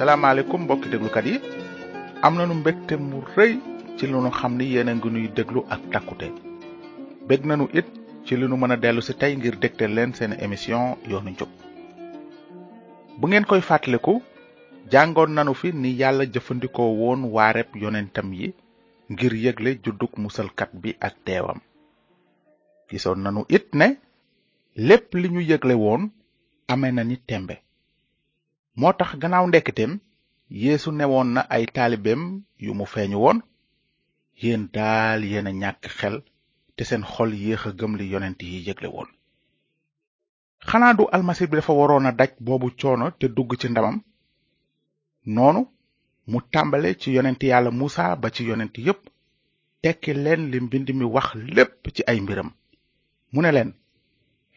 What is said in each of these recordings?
salaamaaleykum mbokki déglukat yi am nañu mbégte mu rëy ci li nu xam ni yéen a ngi nuy déglu ak takkute bég nañu it ci li nu mën a dellu si tey ngir dégte leen seen émission yoonu njub bu ngeen koy fàttaliku jàngoon nanu fi ni yàlla jëfandikoo woon waareb yonentam yi ngir yëgle juddug musalkat bi ak teewam gisoon nanu it ne lépp li ñu yëgle woon amee na ni tembe moo tax gannaaw ndekkiteem yéesu newoon na ay taalibeem yu mu feeñu woon yéen daal yéena ñàkk xel te seen xol yéex a gëm li yonent yi yégle woon xanaa du almasi bi dafa waroon a daj boobu coono te dugg ci ndamam noonu mu tàmbale ci yonent yàlla muusa ba ci yonent yépp tekki leen li mbind mi wax lépp ci ay mbiram mu ne leen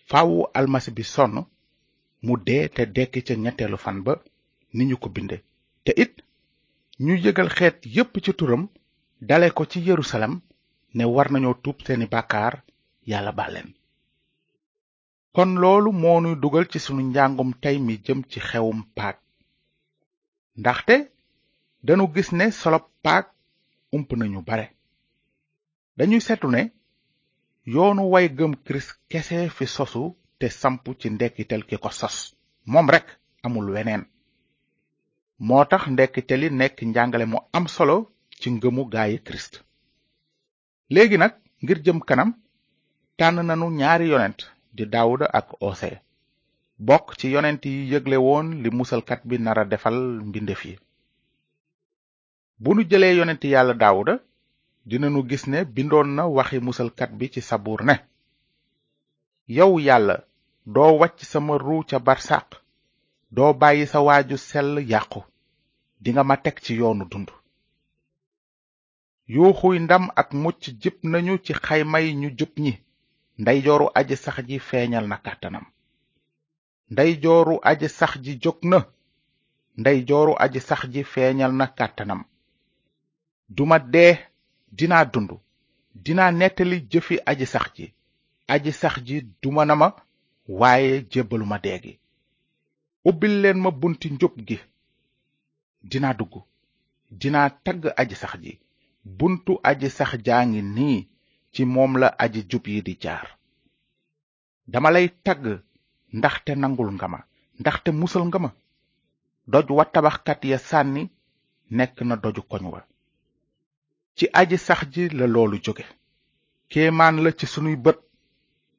faawu almasi bi sonn mu dee te dekki ca ñetteelu fan ba ni ñu ko binde te it ñu yëgal xeet yépp ci turam dale ko ci yerusalem ne war nañoo tuub seeni bàkkaar yàlla bàlleen kon loolu moo nuy dugal ci sunu njàngum tey mi jëm ci xewum paak ndaxte dañu gis ne solop paak ump nañu bare dañuy setu ne yoonu way gëm kirist kese fi sosu te samp ci ndekkitel ki ko sos moom rek amul weneen moo tax ndekkiteli nekk njàngale mu am solo ci ngëmu gaayi kirist léegi nag ngir jëm kanam tànn nanu ñaari yonent di daawuda ak ose bokk ci yonent yi yëgle woon li musalkat bi nara defal mbindeef yi bu nu jëlee yonent yàlla daawuda dinanu gis ne bindoon na waxi musalkat bi ci sabuur ne yow yàlla doo wàcc sama ruu ca barsàq doo bàyyi sa waaju sell yàqu dinga ma teg ci yoonu dund yuuxuy ndam ak mucc jib nañu ci xaymay ñu jub ñi ndeyjooru aj sax ji feeñal na kàttanam ndeyjooru aji sax ji jóg na ndeyjooru aji sax ji feeñal na kàttanam duma dee dinaa dund dinaa nettali jëfi aji sax ji aji sax ji duma na ma waaye jébbaluma dee ubbil leen ma bunti njub gi dinaa dugg dinaa tagg aji sax ji buntu aji sax jaa ngi nii ci moom la aji jub yi di jaar dama lay tagg ndaxte nangul nga ma ndaxte musal nga ma doj wa tabaxkat ya sànni nekk na doju koñ wa ci aji sax ji la loolu jóge kéemaan la ci sunuy bët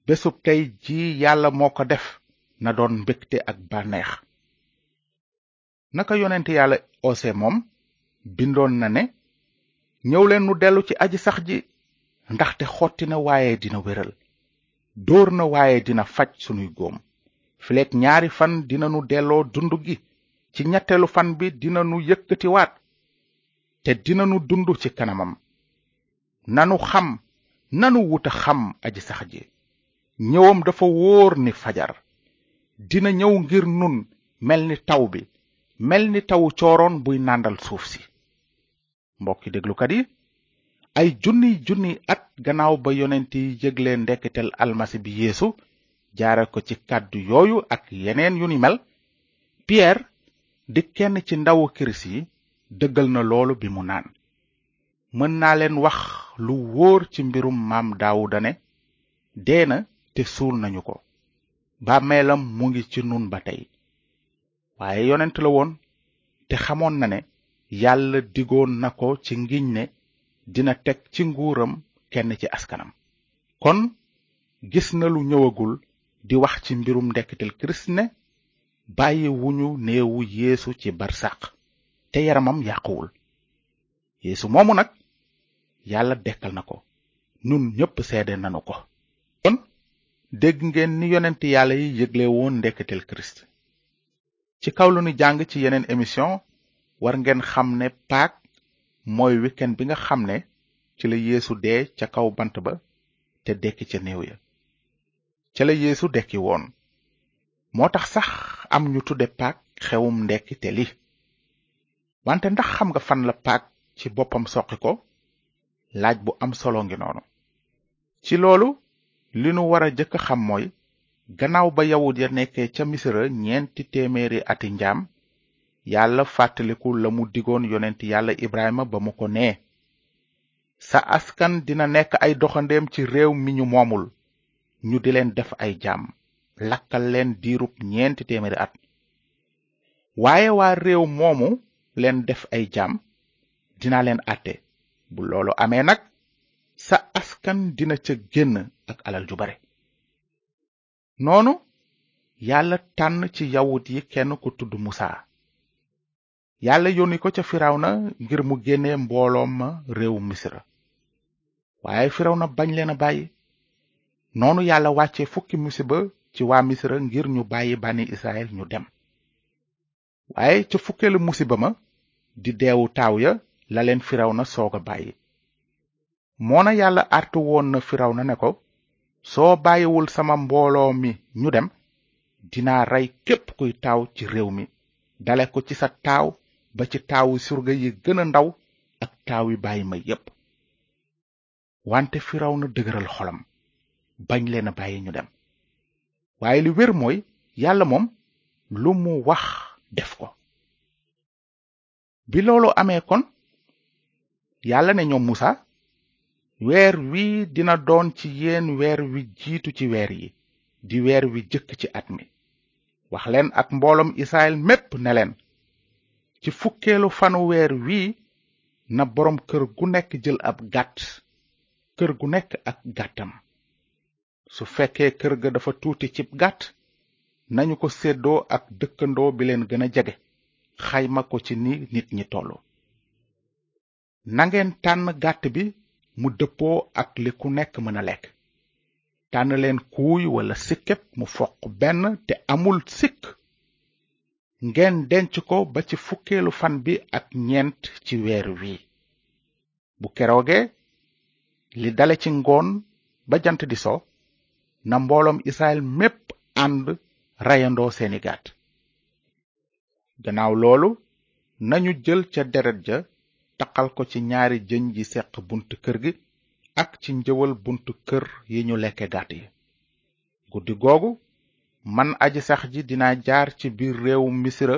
bésub tey ji yàlla moo ko def na doon mbégte ak bànneex naka yonent yàlla ose moom bindoon na ne ñëw leen nu dellu ci aji sax ji ndaxte xotti na waaye dina wéral dóor na waaye dina faj sunuy góom fileek ñaari fan dina nu delloo dund gi ci ñetteelu fan bi dina nu yëkkatiwaat te dina nu dund ci kanamam nanu xam nanu wuta xam aji sax ji ñëwam dafa wóor ni fajar dina ñëw ngir nun mel ni taw bi mel ni tawu cooroon buy nàndal suuf si mbokki déglukat yi ay junni junni at gannaaw ba yonent yi yëgle ndekkitel almasi bi yéesu jaare ko ci kàddu yooyu ak yeneen yu ni mel pierre di kenn ci ndawu kirist yi dëggal na loolu bi mu naan mën naa leen wax lu wóor ci mbirum maam daawuda ne dee na te suul nañu ko bàmmeelam mu ngi ci nun ba tey waaye yonent la woon te xamoon na ne yàlla digoon na ko ci ngiñ ne dina teg ci nguuram kenn ci askanam kon gis na lu ñëwagul di wax ci mbirum ndekkitel kirist ne bàyyi wuñu néewu yeesu ci barsàq te yaramam yàquwul yeesu moomu nag yàlla dekkal na ko nun ñépp seede nanu ko dégg ngeen ni yonent yàlla yi yëgle woon ndeketeel kirist ci kaw lu nu jàng ci yeneen émission war ngeen xam ne paak mooy weekend bi nga xam ne ci la yéesu dee ca kaw bant ba te dekki ca néew ya ca la yéesu dekki woon moo tax sax am ñu tudde paak xewum ndekki te wante ndax xam nga fan la paak ci boppam soqi ko laaj bu am solo ngi noonu ci loolu li nu wara jëkk xam mooy gannaaw ba yawut ya nekkee ca misira ñeenti téeméeri ati njaam yàlla fàttaliku la mu digoon yonent yàlla ibrahima ba mu ko nee sa askan dina nekk ay doxandeem ci réew mi ñu moomul ñu di leen def ay jaam lakkal leen diirub ñeenti téeméeri at waaye waa réew moomu leen def ay jaam dina leen àtte bu loolu amee nag sa askan dina ca génn ak alal ju bare noonu yàlla tànn ci yawut yi kenn ku tudd musaa yàlla yónni ko ca firaw na ngir mu génne mbooloom ma réewu misra waaye firawna bañ leen a bàyyi noonu yàlla wàcce fukki musiba ci waa misra ngir ñu bàyyi bànni israel ñu dem waaye ca fukkeelu musiba ma di deewu taaw ya la leen firawna soog a bàyyi moona yàlla artu woon na firawna ne ko soo bàyyiwul sama mbooloo mi ñu dem dinaa rey képp kuy taaw ci réew mi dale ko ci sa taaw ba ci taawu surga yi gën a ndaw ak taaw yi bàyyi ma yépp wante firaw na dëgëral xolam bañ leen a bàyyi ñu dem waaye li wér mooy yàlla moom lu mu wax def ko bi loolu amee kon yàlla ne ñoom musa weer wi dina doon ci yéen weer wi jiitu ci weer yi di weer wi jëkk ci at mi wax leen ak mbooloom israel mépp ne leen ci fukkeelu fanu weer wi na boroom kër gu nekk jël ab gàtt kër gu nekk ak gàttam su fekkee kër ga dafa tuuti cib gàtt nañu ko seddoo ak dëkkandoo bi leen gëna a jege xayma ko ci ni nit ñi tollu nangeen tànn gàtt bi mu dëppoo ak li ku nekk mën a lekk tànn leen kuuy wala sikkep mu foq benn te amul sikk ngeen denc ko ba ci fukkeelu fan bi ak ñeent ci weer wi bu kerooge li dale ci ngoon ba jant di so na mbooloom Israel mépp ànd reyandoo seeni gàtt gannaaw loolu nañu jël ca deret ja taqal ko ci ñaari jën yi seq buntu kër gi ak ci njëwal buntu kër yi ñu lekke gàtt yi guddi googu man aji sax ji dina jaar ci biir réew misra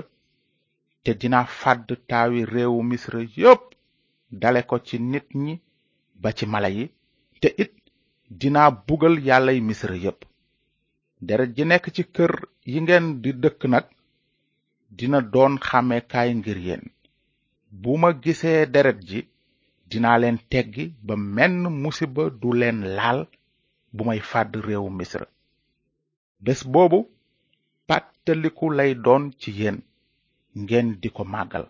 te dina fàdd taawi réewu misra yépp dale ko ci nit ñi ba ci mala yi te it dina bugal yàllay misra yépp deret ji nekk ci kër yi ngeen di dëkk nag dina doon xàmmeekaay ngir yéen bu ma gisee deret ji dinaa leen teggi ba menn musiba du leen laal bu may fàdd réewu misra bés boobu pàttaliku lay doon ci yéen ngeen di ko màggal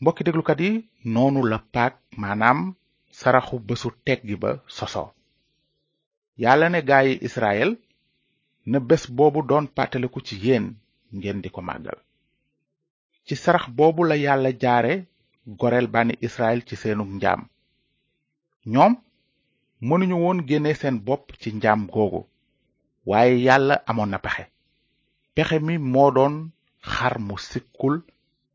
mbokki déglukat yi noonu la paak maanaam saraxu bésu teggi ba sosoo yàlla ne gaayi israel na bés boobu doon pàttaliku ci yéen ngeen di ko màggal ci sarax boobu la yàlla jaare goreel bànni israel ci seenug njaam ñoom mënuñu woon génne seen bopp ci njaam googu waaye yàlla amoon na pexe pexe mi moo doon xar mu sikkul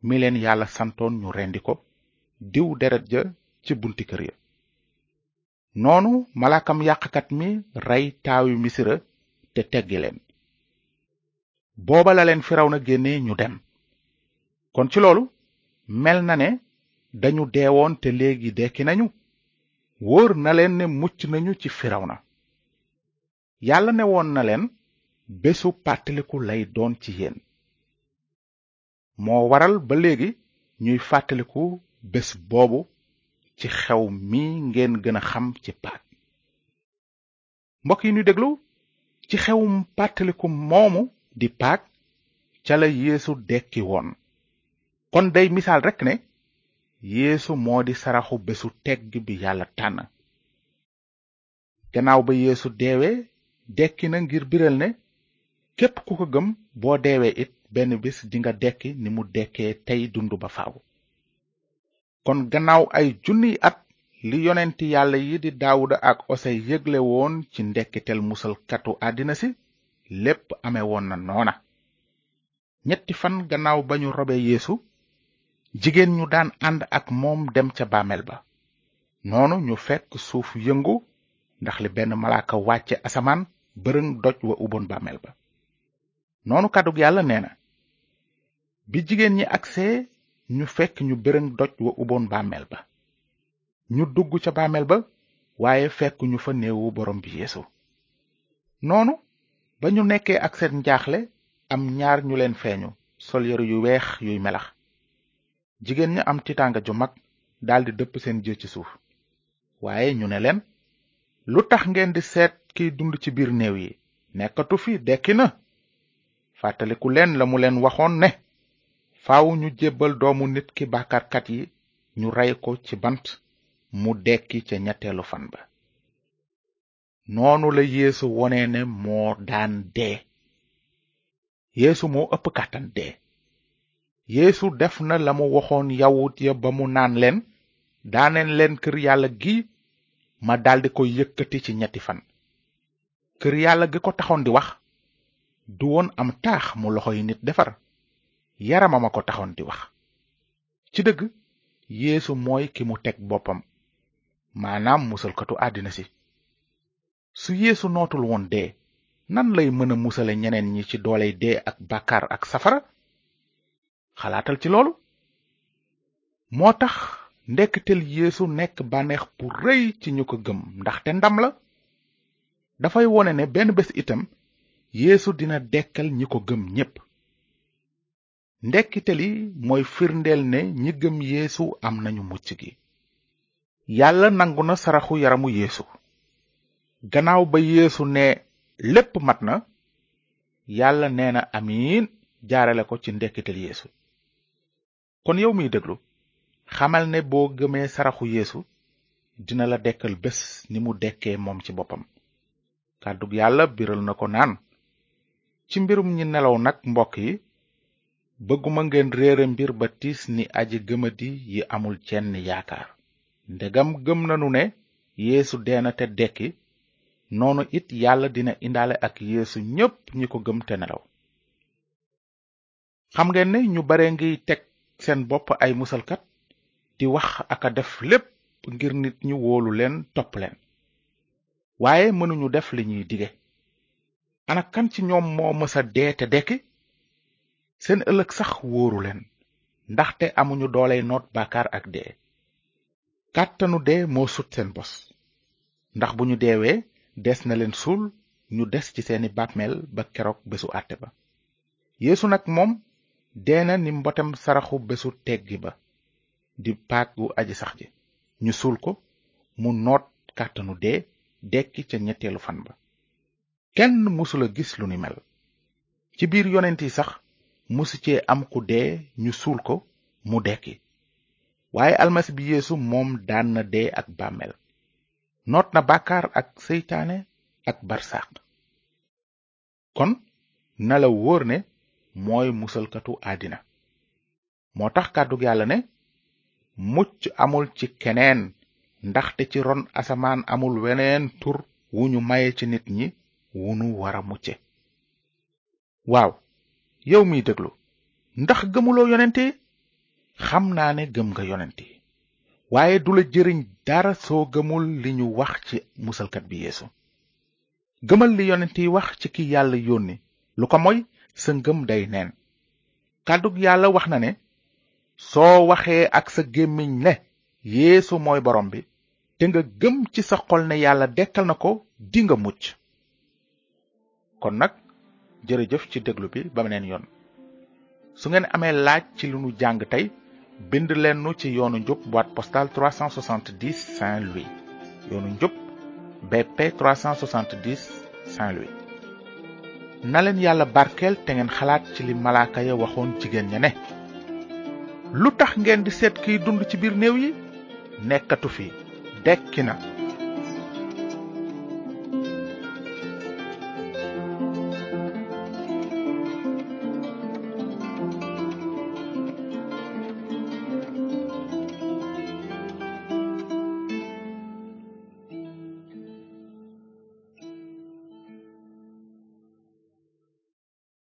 mi leen yàlla santoon ñu rendi ko diw deret ja ci bunti kër ya noonu malaakam yàqkat mi rey taawi misira te teggi leen booba la leen firaw na génne ñu dem kon ci loolu mel na ne dañu deewoon te léegi dekki nañu wóor na leen ne mucc nañu ci na yàlla ne woon na leen bésu pàttaliku lay doon ci yéen moo waral ba léegi ñuy fàttaliku bés boobu ci xew mi ngeen gën a xam ci paak mbokk yi ñu déglu ci xewum pàttaliku moomu di paak ca la yeesu dekki woon kon bey misaal rekk ne yéesu moo di saraxu bésu teg bi yàlla tànn gannaaw ba yéesu deewee dekki na ngir biral ne képp ku ko gëm boo deewee it benn bis dinga dekki ni mu dekkee tey dund ba faw kon gannaaw ay junniy at li yonenti yàlla yi di daawuda ak ose yëgle woon ci ndekkitel musalkatu àddina si lépp amee woon na noona ñetti fan gannaaw ba ñu robe yeesu jigéen ñu daan ànd ak moom dem ca bàmmeel ba noonu ñu fekk suuf yëngu ndax li benn malaaka wàcce asamaan bërën doj wa uboon bàmmeel ba noonu kàddug yàlla nee na bi jigéen ñi agsee ñu fekk ñu bërën doj wa uboon bàmmeel ba ñu dugg ca bàmmeel ba waaye fekk ñu fa néewu borom bi yeesu noonu ba ñu nekkee ak seen njaaxle am ñaar ñu leen feeñu sol yaru yu weex yuy melax jigéen ña am tiitaanga ju mag daldi dëpp seen jë ci suuf waaye ñu ne leen lu tax ngeen di seet kiy dund ci biir néew yi nekkatu fi dekki na fàttaliku leen la mu leen waxoon ne faaw ñu jébbal doomu nit ki bàkkaarkat yi ñu rey ko ci bant mu dekki ca ñetteelu fan ba noonu la yéesu wone ne moo daan dee yeesu moo ëpp kàttan dee yéesu def na la mu waxoon yawut ya ba mu naan leen daaneen leen kër yàlla gi ma daldi ko yëkkati ci ñetti fan kër yàlla gi ko taxoon di wax du woon am taax mu loxo yi nit defar yaramam a ko taxoon di wax ci dëgg yéesu mooy ki mu teg boppam maanaam musalkatu àddina si su yéesu nootul woon dee nan lay mën a musale ñeneen ñi ci dooley dee ak bàkkaar ak safara xalaatal ci loolu moo tax ndekketel yéesu nekk bànneex bu rëy ci ñu ko gëm ndaxte ndam la dafay wone ne benn bés itam yéesu dina dekkal ñi ko gëm ñépp ndekkite yi mooy firndeel ne ñi gëm yéesu am nañu mucc gi yàlla nangu na saraxu yaramu yéesu gannaaw ba yéesu ne lépp mat na yàlla nee na amiin jaarale ko ci ndekkitel yeesu kon yow miy déglu xamal ne boo gëmee saraxu yéesu dina la dekkal bés ni mu dekkee moom ci boppam kàddug yàlla biral na ko naan ci mbirum ñi nelaw nag mbokk yi bëgguma ngeen réere mbir ba tiis ni aji gëmadi yi amul cenn yaakaar ndegam gëm nanu ne yéesu deena te dekki noonu it yàlla dina indaale ak yéesu ñépp ñi ko gëm te nelaw seen bopp ay musalkat di wax ak def lépp ngir nit ñi wóolu leen topp leen waaye mënuñu def li ñuy dige ana kan ci ñoom moo mësa dee te dekki seen ëllëg sax wóoru leen ndaxte amuñu dooley noot baakaar ak dee kàttanu dee moo sut seen bos ndax bu ñu deewee des na leen suul ñu des ci seeni bàmmeel ba keroog bésu àtte ba yeesu nag moom deena ni mbotem saraxu bésu teggi ba di paak gu aji sax ji ñu suul ko mu noot kàttanu dee dekki ca ñetteelu fan ba kenn mësula gis lu ni mel ci biir yonent yi sax mësu cee am ku dee ñu suul ko mu dekki waaye almasi bi yéesu moom daan na dee ak bàmmeel noot na bàkkaar ak seytaane ak barsaq kon na la wóor ne mooy musalkatu àddina moo tax kàddu yàlla ne mucc amul ci keneen ndaxte ci ron asamaan amul weneen tur wu ñu maye ci nit ñi wu nu war a mucce waaw yow miy déglu ndax gëmuloo yonente xam naa ne gëm nga yonente waaye du la jëriñ dara soo gëmul li ñu wax ci musalkat bi yeesu gëmal li yonente wax ci ki yàlla yónni lu ko moy sa ngëm day neen kàddug yàlla wax na ne soo waxee ak sa gémmiñ ne yéesu mooy borom bi te nga gëm ci sa xol ne yàlla dekkal na ko di nga mucc kon nag jërëjëf ci déglu bi ba beneen yoon su ngeen amee laaj ci li nu jàng tey bind leen nu ci yoonu njub boîte postale 370 Saint-Louis yoonu njub BP 370 Saint-Louis na leen yàlla barkeel te ngeen xalaat ci li malaaka ya waxoon jigéen ña ne lu tax ngeen di seet kii dund ci biir néew yi nekkatu fi dekki na